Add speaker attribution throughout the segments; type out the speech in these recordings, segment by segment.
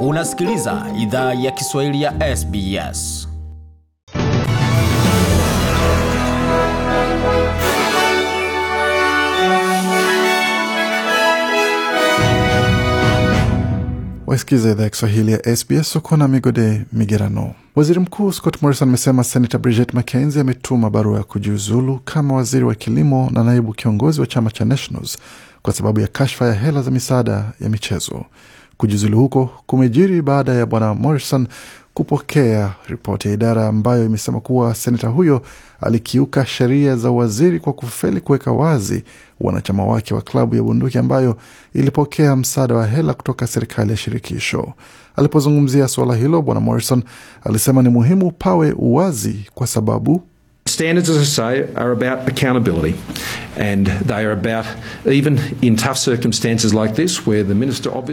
Speaker 1: Unasikiliza idhaa ya Kiswahili ya SBS. Wasikiliza idhaa ya Kiswahili ya SBS uko na migode migerano. Waziri Mkuu Scott Morrison amesema Senata Bridget McKenzie ametuma barua ya kujiuzulu kama waziri wa kilimo na naibu kiongozi wa chama cha Nationals kwa sababu ya kashfa ya hela za misaada ya michezo. Kujiuzulu huko kumejiri baada ya bwana Morrison kupokea ripoti ya idara ambayo imesema kuwa seneta huyo alikiuka sheria za waziri kwa kufeli kuweka wazi wanachama wake wa klabu ya bunduki ambayo ilipokea msaada wa hela kutoka serikali ya shirikisho. Alipozungumzia suala hilo, bwana Morrison alisema ni muhimu pawe uwazi kwa sababu standards as I say are about accountability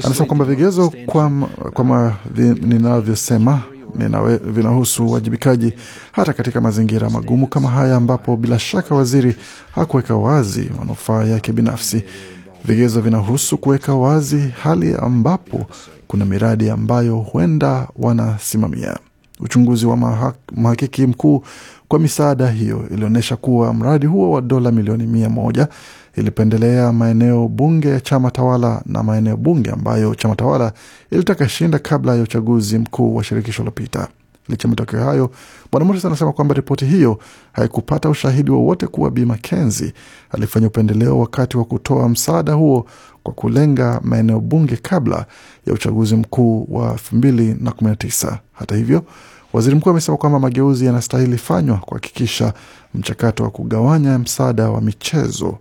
Speaker 1: Anasema kwamba vigezo kama ninavyosema vinahusu uwajibikaji hata katika mazingira magumu kama haya, ambapo bila shaka waziri hakuweka wazi manufaa yake binafsi. Vigezo vinahusu kuweka wazi hali ambapo kuna miradi ambayo huenda wanasimamia. Uchunguzi wa mhakiki mkuu kwa misaada hiyo ilionyesha kuwa mradi huo wa dola milioni mia moja ilipendelea maeneo bunge ya chama tawala na maeneo bunge ambayo chama tawala ilitaka shinda kabla ya uchaguzi mkuu wa shirikisho lilopita. Licha matokeo hayo, Bwana Morrison anasema kwamba ripoti hiyo haikupata ushahidi wowote kuwa Bi Makenzi alifanya upendeleo wakati wa kutoa msaada huo kwa kulenga maeneo bunge kabla ya uchaguzi mkuu wa 2019. Hata hivyo, waziri mkuu amesema kwamba mageuzi yanastahili fanywa kuhakikisha mchakato wa kugawanya msaada wa michezo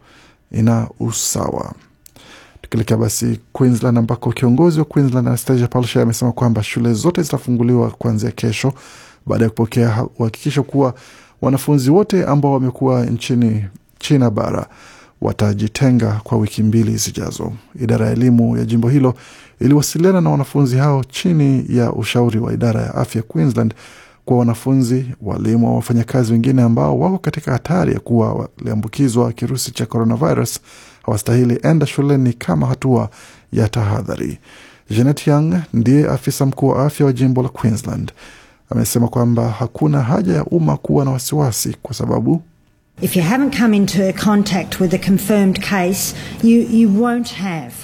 Speaker 1: ina usawa. Tukielekea basi Queensland, ambako kiongozi wa Queensland Anastasia Palaszczuk amesema kwamba shule zote zitafunguliwa kuanzia kesho baada ya kupokea uhakikisho kuwa wanafunzi wote ambao wamekuwa nchini China bara watajitenga kwa wiki mbili zijazo. Idara ya elimu ya jimbo hilo iliwasiliana na wanafunzi hao chini ya ushauri wa idara ya afya Queensland kwa wanafunzi, walimu au wafanyakazi wengine ambao wako katika hatari ya kuwa waliambukizwa kirusi cha coronavirus hawastahili enda shuleni kama hatua ya tahadhari. Janet Young ndiye afisa mkuu wa afya wa jimbo la Queensland amesema kwamba hakuna haja ya umma kuwa na wasiwasi kwa sababu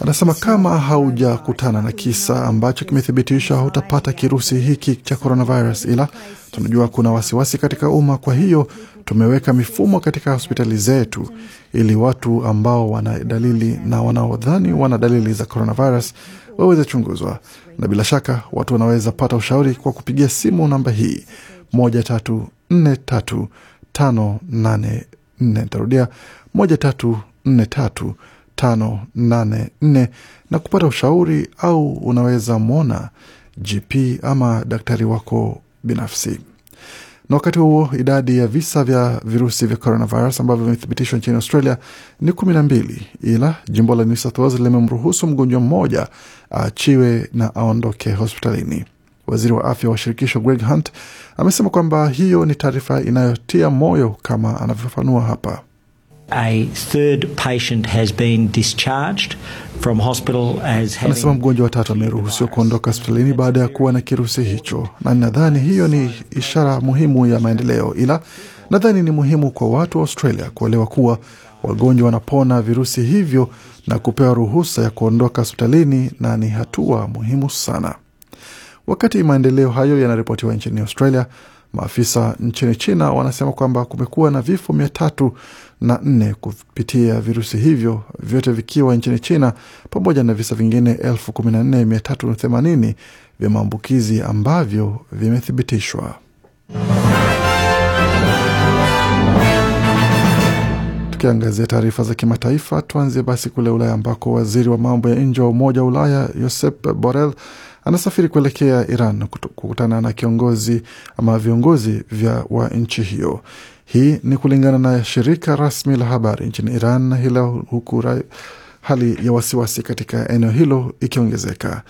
Speaker 1: anasema kama haujakutana na kisa ambacho kimethibitishwa, hautapata kirusi hiki cha coronavirus, ila tunajua kuna wasiwasi katika umma, kwa hiyo Tumeweka mifumo katika hospitali zetu ili watu ambao wana dalili na wanaodhani wana dalili za coronavirus waweze chunguzwa, na bila shaka watu wanaweza pata ushauri kwa kupigia simu namba hii moja tatu nne tatu tano nane nne. Nitarudia moja tatu nne tatu tano nane nne na kupata ushauri, au unaweza mwona GP ama daktari wako binafsi. Na wakati huo idadi ya visa vya virusi vya coronavirus ambavyo vimethibitishwa nchini Australia ni kumi na mbili, ila jimbo la New South Wales limemruhusu mgonjwa mmoja aachiwe na aondoke hospitalini. Waziri wa afya wa shirikisho Greg Hunt amesema kwamba hiyo ni taarifa inayotia moyo, kama anavyofafanua hapa. Anasema mgonjwa watatu ameruhusiwa kuondoka hospitalini baada ya kuwa na kirusi hicho, na nadhani hiyo ni ishara muhimu ya maendeleo, ila nadhani ni muhimu kwa watu wa Australia kuelewa kuwa wagonjwa wanapona virusi hivyo na kupewa ruhusa ya kuondoka hospitalini, na ni hatua muhimu sana. Wakati maendeleo hayo yanaripotiwa nchini Australia, maafisa nchini China wanasema kwamba kumekuwa na vifo mia tatu na nne kupitia virusi hivyo vyote vikiwa nchini China pamoja na visa vingine elfu kumi na nne mia tatu themanini vya maambukizi ambavyo vimethibitishwa. Tukiangazia taarifa za kimataifa, tuanzie basi kule Ulaya ambako waziri wa mambo ya nje wa Umoja wa Ulaya Josep Borrell anasafiri kuelekea Iran kukutana na kiongozi ama viongozi vya wa nchi hiyo. Hii ni kulingana na shirika rasmi la habari nchini Iran, hila huku hali ya wasiwasi katika eneo hilo ikiongezeka.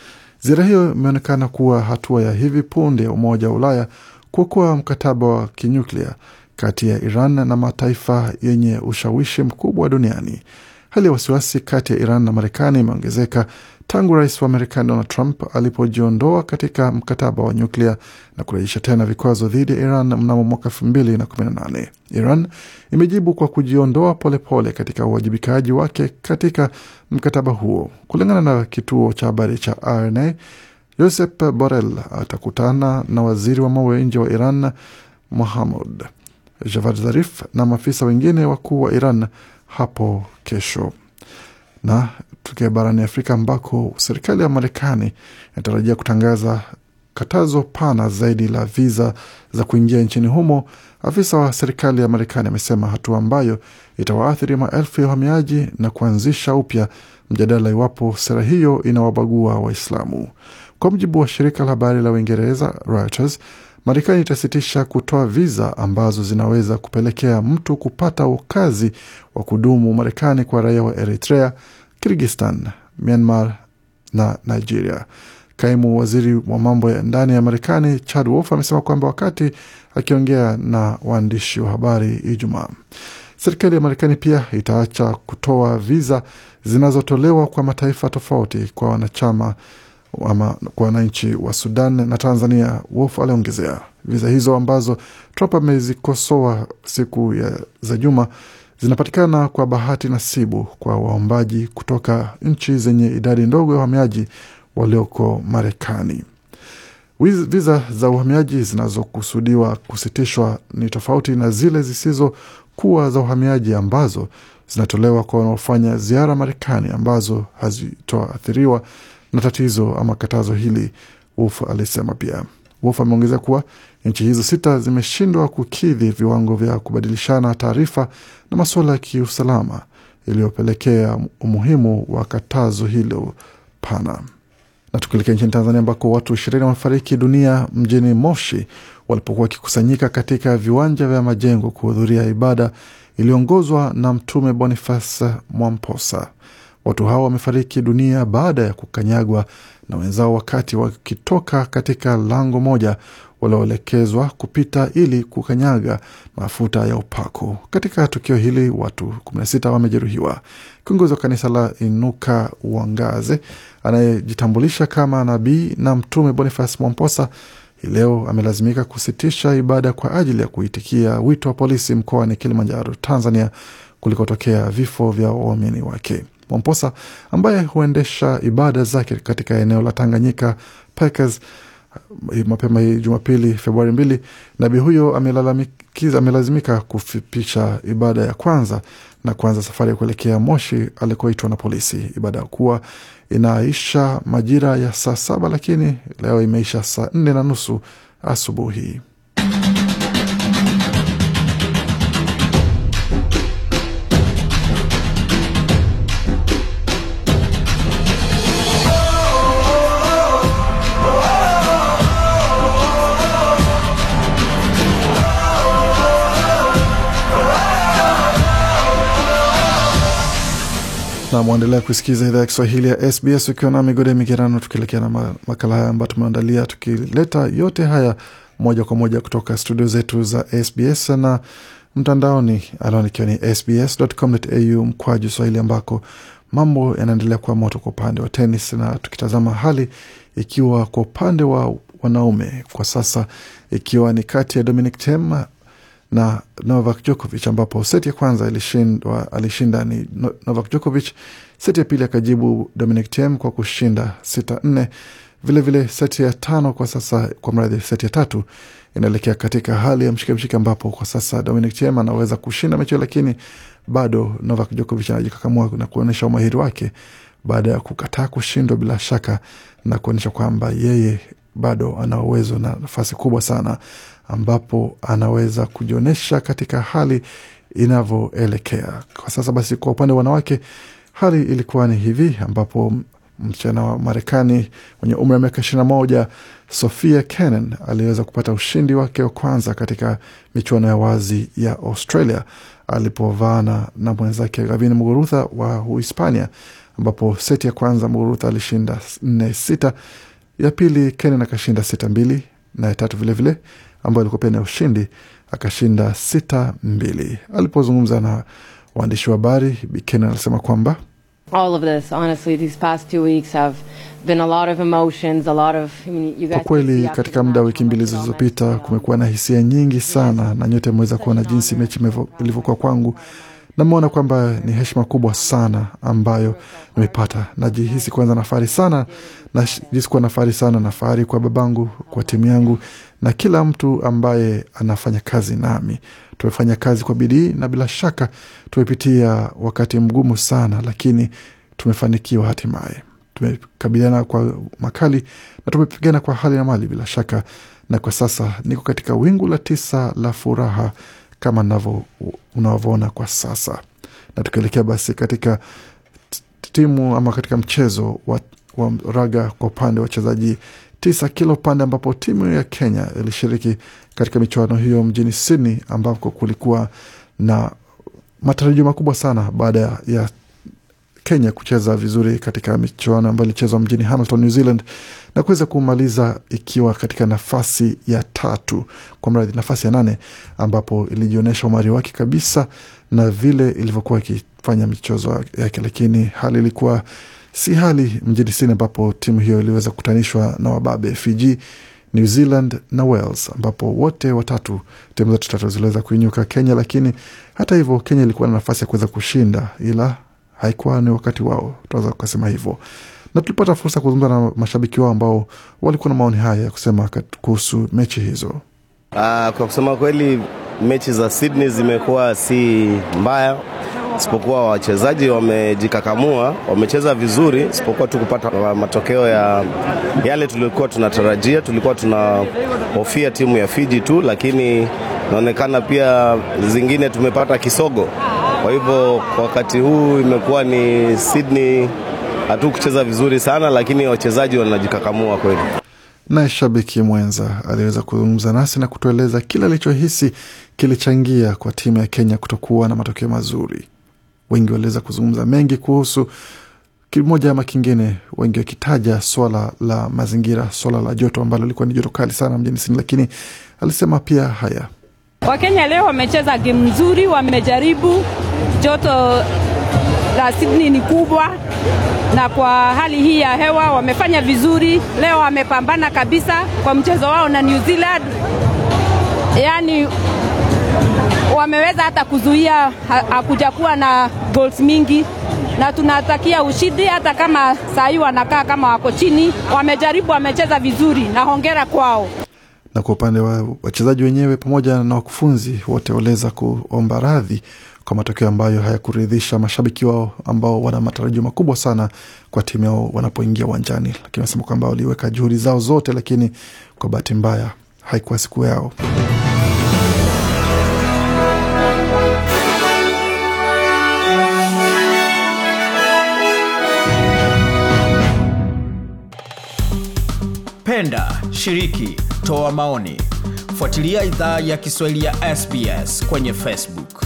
Speaker 1: Ziara hiyo imeonekana kuwa hatua ya hivi punde ya Umoja wa Ulaya kuokoa mkataba wa kinyuklia kati ya Iran na mataifa yenye ushawishi mkubwa duniani. Hali ya wasiwasi kati ya Iran na Marekani imeongezeka tangu rais wa Marekani Donald Trump alipojiondoa katika mkataba wa nyuklia na kurejesha tena vikwazo dhidi ya Iran mnamo mwaka elfu mbili na kumi na nane. Iran imejibu kwa kujiondoa polepole katika uwajibikaji wake katika mkataba huo. Kulingana na kituo cha habari cha RNA, Josep Borrell atakutana na waziri wa mambo ya nje wa Iran Mohamud Javad Zarif na maafisa wengine wakuu wa Iran hapo kesho na tukia barani Afrika ambako serikali ya Marekani inatarajia kutangaza katazo pana zaidi la viza za kuingia nchini humo. Afisa wa serikali ya Marekani amesema hatua ambayo itawaathiri maelfu ya wahamiaji na kuanzisha upya mjadala iwapo sera hiyo inawabagua Waislamu. Kwa mujibu wa shirika la habari la Uingereza Reuters, Marekani itasitisha kutoa viza ambazo zinaweza kupelekea mtu kupata ukazi wa kudumu Marekani kwa raia wa Eritrea Kyrgyzstan, Myanmar na Nigeria. Kaimu waziri wa mambo ya ndani ya Marekani Chad Wolf amesema kwamba wakati akiongea na waandishi wa habari Ijumaa, serikali ya Marekani pia itaacha kutoa viza zinazotolewa kwa mataifa tofauti kwa wanachama ama kwa wananchi wa Sudan na Tanzania. Wolf aliongezea viza hizo ambazo Trump amezikosoa siku ya za juma zinapatikana kwa bahati nasibu kwa waombaji kutoka nchi zenye idadi ndogo ya wahamiaji walioko Marekani. Viza za uhamiaji zinazokusudiwa kusitishwa ni tofauti na zile zisizokuwa za uhamiaji ambazo zinatolewa kwa wanaofanya ziara Marekani, ambazo hazitoathiriwa na tatizo ama katazo hili, Wolf alisema pia. Wolf ameongezea kuwa nchi hizo sita zimeshindwa kukidhi viwango vya kubadilishana taarifa na masuala ya kiusalama iliyopelekea umuhimu wa katazo hilo pana. Na tukielekea nchini Tanzania ambako watu ishirini wamefariki dunia mjini Moshi walipokuwa wakikusanyika katika viwanja vya majengo kuhudhuria ibada iliyoongozwa na Mtume Boniface Mwamposa. Watu hao wamefariki dunia baada ya kukanyagwa na wenzao wakati wakitoka katika lango moja walioelekezwa kupita ili kukanyaga mafuta ya upako. Katika tukio hili watu 16 wamejeruhiwa. Kiongozi wa kanisa la Inuka Uangaze anayejitambulisha kama nabii na mtume Boniface Mwamposa hii leo amelazimika kusitisha ibada kwa ajili ya kuitikia wito wa polisi mkoani Kilimanjaro, Tanzania, kulikotokea vifo vya waumini wake. Pomposa ambaye huendesha ibada zake katika eneo la Tanganyika Packers. Eh, mapema hii Jumapili, Februari mbili, nabii huyo amelazimika kufipisha ibada ya kwanza na kuanza safari ya kuelekea Moshi alikoitwa na polisi. Ibada ya kuwa inaisha majira ya saa saba, lakini leo imeisha saa nne na nusu asubuhi. na mwendelea kusikiza idhaa ya Kiswahili ya SBS ukiwa na migode migerano, tukielekea na makala haya ambayo tumeandalia, tukileta yote haya moja kwa moja kutoka studio zetu za SBS na mtandaoni, anaonikiwa ni sbs.com.au mkwaju swahili, ambako mambo yanaendelea kuwa moto kwa upande wa tenis, na tukitazama hali ikiwa kwa upande wa wanaume kwa sasa, ikiwa ni kati ya Dominic Thiem na Novak Djokovic, ambapo seti ya kwanza ilishindwa, alishinda ni Novak Djokovic. Seti ya pili akajibu Dominic Thiem kwa kushinda sita nne. Vilevile seti ya tano kwa sasa, kwa mradhi, seti ya tatu inaelekea katika hali ya mshike mshike, ambapo kwa sasa Dominic Thiem anaweza kushinda mechi, lakini bado Novak Djokovic anajikakamua na kuonyesha umahiri wake baada ya kukataa kushindwa bila shaka na kuonyesha kwamba yeye bado ana uwezo na nafasi kubwa sana, ambapo anaweza kujionyesha katika hali inavyoelekea kwa sasa. Basi kwa upande wa wanawake, hali ilikuwa ni hivi, ambapo msichana wa Marekani mwenye umri wa miaka ishirini na moja Sofia Kenin aliweza kupata ushindi wake wa kwanza katika michuano ya wazi ya Australia alipovaana na mwenzake Gavin Mugurutha wa Uhispania, ambapo seti ya kwanza Mugurutha alishinda nne sita ya pili Kenan akashinda sita mbili na ya tatu vilevile ambayo alikuwa pia na ushindi akashinda sita mbili. Alipozungumza na waandishi wa habari, Bi Kenan kwamba kwa kweli katika muda wa wiki mbili zilizopita kumekuwa na hisia nyingi sana, na nyote ameweza kuona jinsi mechi ilivyokuwa kwangu Namwona kwamba ni heshima kubwa sana ambayo nimepata. Najihisi kwanza nafahari sana, najihisi kuwa nafahari sana, nafahari kwa babangu, kwa timu yangu na kila mtu ambaye anafanya kazi nami. Tumefanya kazi kwa bidii na bila shaka tumepitia wakati mgumu sana, lakini tumefanikiwa hatimaye. Tumekabiliana kwa makali na tumepigana kwa hali na mali bila shaka, na kwa sasa niko katika wingu la tisa la furaha kama unavyoona kwa sasa. Na tukielekea basi katika timu ama katika mchezo wa, wa raga kwa upande wa wachezaji tisa kila upande, ambapo timu ya Kenya ilishiriki katika michuano hiyo mjini Sydney, ambako kulikuwa na matarajio makubwa sana baada ya Kenya kucheza vizuri katika michuano ambayo ilichezwa mjini Hamilton, New Zealand na kuweza kumaliza ikiwa katika nafasi ya tatu, kwa mradhi, nafasi ya nane, ambapo ilijionyesha umari wake kabisa na vile ilivyokuwa ikifanya michezo yake, lakini hali ilikuwa si hali mjini Sydney, ambapo timu hiyo iliweza kukutanishwa na wababe Fiji, New Zealand na Wales, ambapo wote watatu timu zote tatu ziliweza kuinyuka Kenya. Lakini hata hivyo, Kenya ilikuwa na nafasi ya kuweza kushinda ila haikuwa ni wakati wao, tunaweza kusema hivyo. Na tulipata fursa kuzungumza na mashabiki wao ambao walikuwa na maoni haya ya kusema kuhusu mechi hizo. Aa, ah, kwa kusema kweli mechi za Sydney zimekuwa si mbaya, isipokuwa wachezaji wamejikakamua, wamecheza vizuri, isipokuwa tu kupata matokeo ya yale tuliokuwa tunatarajia. Tulikuwa tunahofia timu ya Fiji tu, lakini inaonekana pia zingine tumepata kisogo kwa hivyo kwa wakati huu imekuwa ni Sydney, hatukucheza vizuri sana, lakini wachezaji wanajikakamua kweli. Na shabiki mwenza aliweza kuzungumza nasi na kutueleza kile alichohisi kilichangia kwa timu ya Kenya kutokuwa na matokeo mazuri. Wengi waliweza kuzungumza mengi kuhusu kimoja ama kingine, wengi wakitaja swala la mazingira, swala la joto ambalo lilikuwa ni joto kali sana mjini Sydney, lakini alisema pia haya, Wakenya leo wamecheza game nzuri, wamejaribu joto la Sydney ni kubwa, na kwa hali hii ya hewa wamefanya vizuri leo, wamepambana kabisa kwa mchezo wao na New Zealand, yaani wameweza hata kuzuia, hakuja kuwa na goals mingi, na tunatakia ushindi, hata kama saa hii wanakaa kama wako chini. Wamejaribu, wamecheza vizuri na hongera kwao. Na kwa upande wa wachezaji wenyewe pamoja na wakufunzi wote waliweza kuomba radhi kwa matokeo ambayo hayakuridhisha mashabiki wao ambao wana matarajio makubwa sana kwa timu yao wanapoingia uwanjani, lakini wanasema kwamba waliweka juhudi zao zote, lakini kwa bahati mbaya haikuwa siku yao. Penda, shiriki, toa maoni. Fuatilia idhaa ya Kiswahili ya SBS kwenye Facebook.